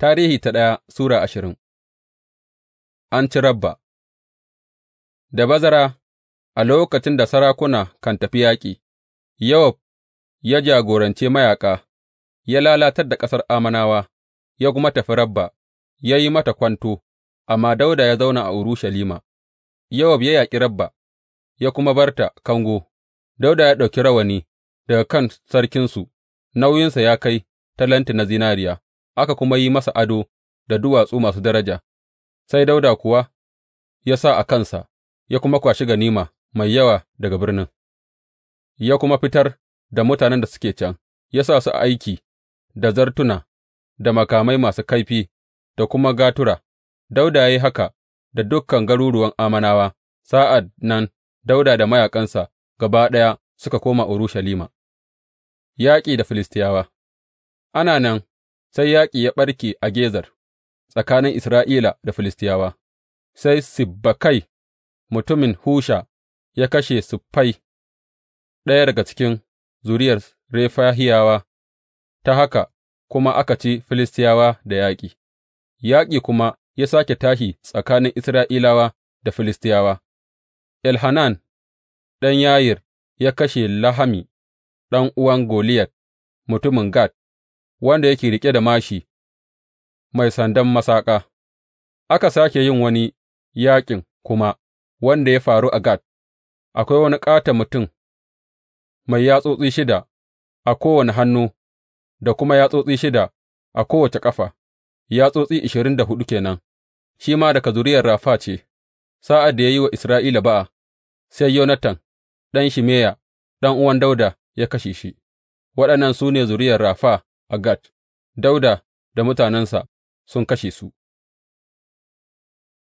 Tarihi ta ɗaya Sura ashirin An ci Rabba Da bazara, a lokacin da sarakuna kan tafi yaƙi, Yowab ya jagorance mayaƙa, ya lalatar da ƙasar amanawa, ya kuma tafi Rabba, ya yi mata kwanto, amma Dauda ya zauna a Urushalima. Yowab ya yaƙi Rabba, ya kuma barta kango, Dauda ya ɗauki rawani daga kan sarkinsu, nauyinsa ya kai talenti na zinariya. aka kuma yi masa ado da duwatsu masu daraja, sai Dawuda kuwa ya sa a kansa, ya kuma kwashi ganima mai yawa daga birnin, ya kuma fitar da mutanen da suke can, ya sa su aiki da zartuna, da makamai masu kaifi, da kuma gatura. Dauda ya yi haka da dukkan garuruwan amanawa, sa'ad nan Dauda da mayaƙansa gaba ɗaya suka koma Urushalima. Yaƙi da Filistiyawa Ana nan sai yaƙi ya ɓarke a Gezer tsakanin Isra'ila da Filistiyawa, sai Sibbakai mutumin Husha ya kashe Siffai, ɗaya daga cikin zuriyar Refahiyawa, ta haka kuma aka ci Filistiyawa da yaƙi, yaƙi kuma ya sake tashi tsakanin Isra'ilawa da Filistiyawa. Elhanan ɗan Yayir ya kashe Lahami ɗan uwan Goliyat mutumin Gat. wanda yake riƙe da māshi mai sandan masaƙa, aka sāke yin wani yaƙin kuma wanda ya faru a Gat, akwai wani ƙata mutum mai yatsotsi shida a kowane hannu da kuma yatsotsi shida a kowace ƙafa, yatsotsi ashirin da huɗu kenan, shi ma daga zuriyar Rafa ce, sa'ad da ya yi wa Isra'ila ba'a, sai Yonatan, ɗan Shimeya, ɗan uwan Dauda, ya kashe shi, waɗannan su ne zuriyar Rafa. a Gat, Dawuda da mutanensa sun kashe su.